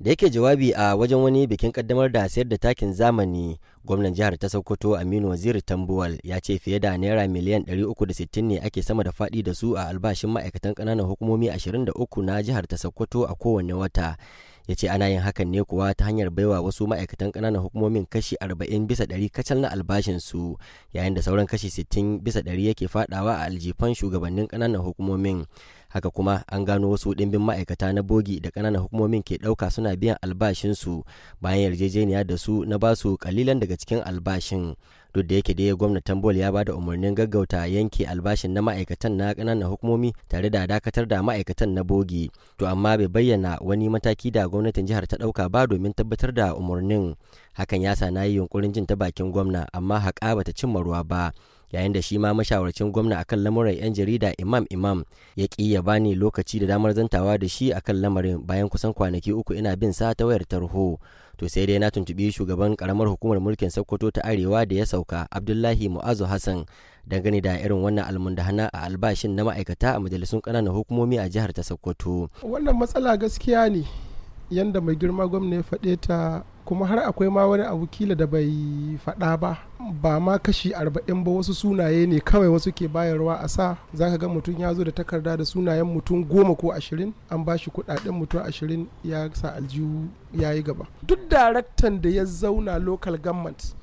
da yake jawabi a wajen wani bikin kaddamar da sayar da takin zamani gwamnan jihar ta sokoto aminu waziri tambuwal ya ce fiye da naira miliyan 360 ne ake sama da fadi da su a albashin ma'aikatan kananan hukumomi 23 na jihar ta sokoto a kowane wata ya ce ana yin hakan ne kuwa ta hanyar baiwa wasu ma'aikatan kananan hukumomin kashi 40 bisa 100 kacal na albashin su yayin da sauran kashi 60 bisa 100 yake fadawa a aljifan shugabannin kananan hukumomin haka kuma an gano wasu ɗimbin ma'aikata na bogi da ƙananan hukumomin ke ɗauka suna biyan albashinsu bayan yarjejeniya da su na basu kalilan daga cikin albashin duk da yake dai gwamnatin bol ya bada umarnin gaggauta yanke albashin na ma'aikatan na ƙananan hukumomi tare da dakatar da ma'aikatan na bogi to amma bai bayyana wani mataki da gwamnatin jihar ta ɗauka ba domin tabbatar da umarnin hakan ya sa na yi yunkurin jin ta bakin gwamna amma haƙa bata cimma ruwa ba yayin da shi ma mashawarcin gwamna akan lamuran 'yan jarida imam imam ya ki ya bani lokaci da damar zantawa da shi akan lamarin bayan kusan kwanaki uku ina bin sa ta wayar tarho to sai dai na tuntubi shugaban karamar hukumar mulkin sokoto ta arewa da ya sauka abdullahi mu'azu hassan dangane da irin wannan almundahana a albashin na ma'aikata a majalisun ƙananan hukumomi a jihar ta sokoto wannan matsala gaskiya ne yanda mai girma gwamna ya faɗe ta kuma har akwai ma wani abu kila da bai faɗa ba ba ma kashi arba'in ba wasu sunaye ne kawai wasu ke bayarwa a sa za ka ga mutum ya zo da takarda da sunayen mutum goma ko ashirin an ba shi kuɗaɗen mutum ashirin ya sa aljihu ya yi gaba duk daraktan da ya zauna local government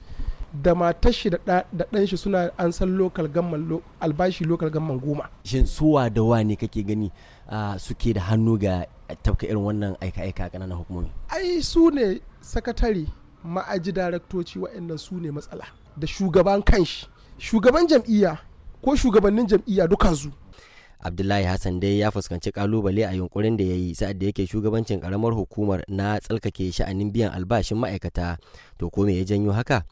da matar shi da ɗan shi suna an san local gamman albashi lokal gamman goma. Shin suwa da wa ne kake gani ah, suke da hannu ga tafka irin wannan aika-aika ƙananan hukumomi? ai su ne sakatare ma'aji daraktoci waɗannan su ne matsala da shugaban kanshi shugaban jam'iyya ko shugabannin jam'iyya dukansu abdullahi hassan dai ya fuskanci kalubale a yunkurin da ya yi sa'ad da yake shugabancin karamar hukumar na tsalkake sha'anin biyan albashin ma'aikata to ko me ya janyo haka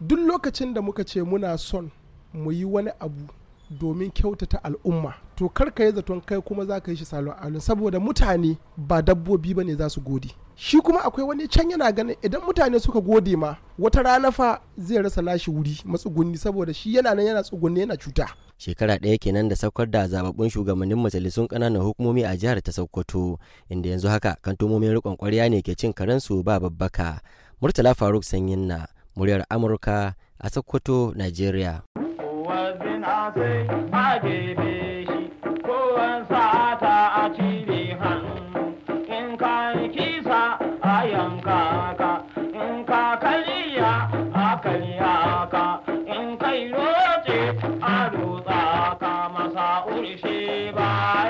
duk lokacin da muka ce muna son mu yi wani abu domin kyautata al'umma to karka yi zaton kai kuma za ka yi shi salon alun saboda mutane ba dabbobi ba ne za su gode shi kuma akwai wani can yana ganin idan mutane suka gode ma wata rana fa zai rasa nashi wuri matsugunni saboda shi yana nan yana tsugunni yana cuta shekara ɗaya kenan da saukar da zababbun shugabannin majalisun ƙananan hukumomi a jihar ta sokoto inda yanzu haka kantomomin riƙon ƙwarya ne ke cin karensu ba babbaka murtala faruk sanyin na muryar amurka a sokoto nigeria Kaliaka, in Kairoche, Aruta, Kamasa, ba.